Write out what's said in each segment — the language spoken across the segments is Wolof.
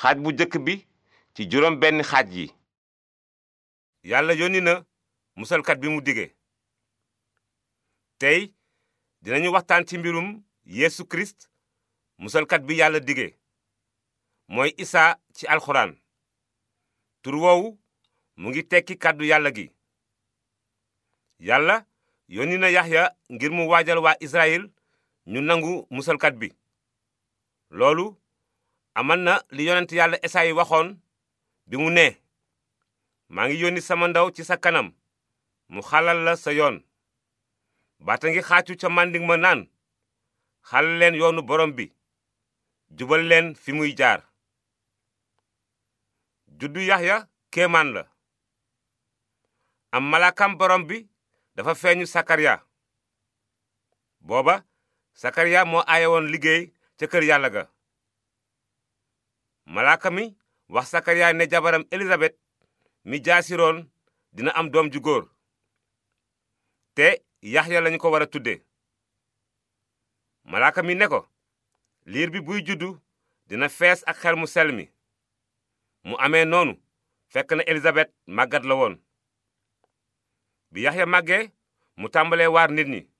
xaaj bu njëkk bi ci juróom benn xaaj yi yàlla yónni na musalkat bi mu dige tey dinañu waxtaan ci mbirum yéesu kirist musalkat bi yàlla dige mooy isaa ci alxuraan tur woowu mu ngi tekki kàddu yàlla gi yàlla yónni na yaxya ngir mu waajal waa israyil ñu nangu musalkat bi loolu amal na li yonent yàlla esaayi waxoon bi mu nee maa ngi yónni sama ndaw ci sa kanam mu xalal la sa yoon baata ngi xaacu ca màndig ma naan xalal leen yoonu borom bi jubal leen fi muy jaar juddu yaxya kéemaan la am malaakam borom bi dafa feeñu sakariya booba sakariya moo aayewoon liggéey ca kër yàlla ga malaaka mi wax sakariya ne jabaram elisabet mi jaasiroon dina am doom ju góor te yaxya lañu ko war a tudde malaaka mi ne ko liir bi buy juddu dina fees ak xel mu sel mi mu amee noonu fekk na elisabet màggat la woon bi yaxya màggee mu tàmbalee waar nit ñi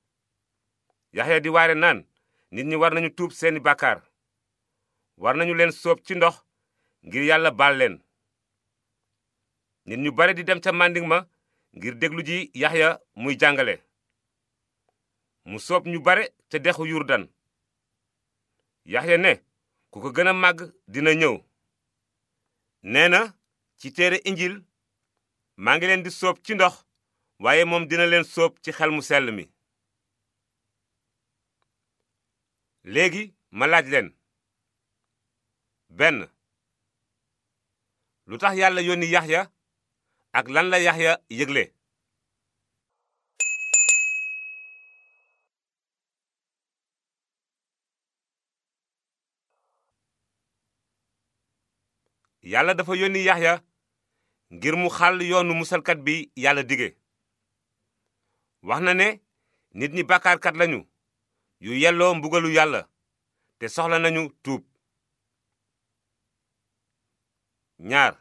yaxya di waare naan nit ñi war nañu tuub seeni bàkkaar war nañu leen soob ci ndox ngir yàlla baal leen nit ñu bare di dem ca màndiŋ ma ngir déglu yax ya muy jàngale mu soob ñu bare ca dexu yurdan yaxya ne ku ko gën a màgg dina ñëw nee na ci téere injil maa ngi leen di soob ci ndox waaye moom dina leen soob ci xel mu sell mi léegi ma laaj leen benn lu tax yàlla yónni yaxya ak lan la yaxya yëgle yàlla dafa yónni yaxya ngir mu xàll yoonu musalkat bi yàlla dige wax na ne nit ñi bàkkaarkat lañu yu yelloo mbugalu yàlla te soxla nañu tuub ñaar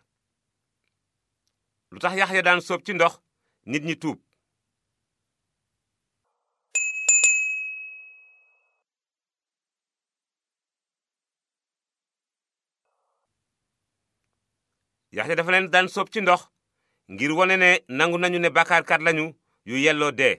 lu tax Yaxya daan soob ci ndox nit ñi tuub Yaxya dafa leen daan soob ci ndox ngir wone ne nangu nañu ne bàkkaarkat lañu yu yelloo dee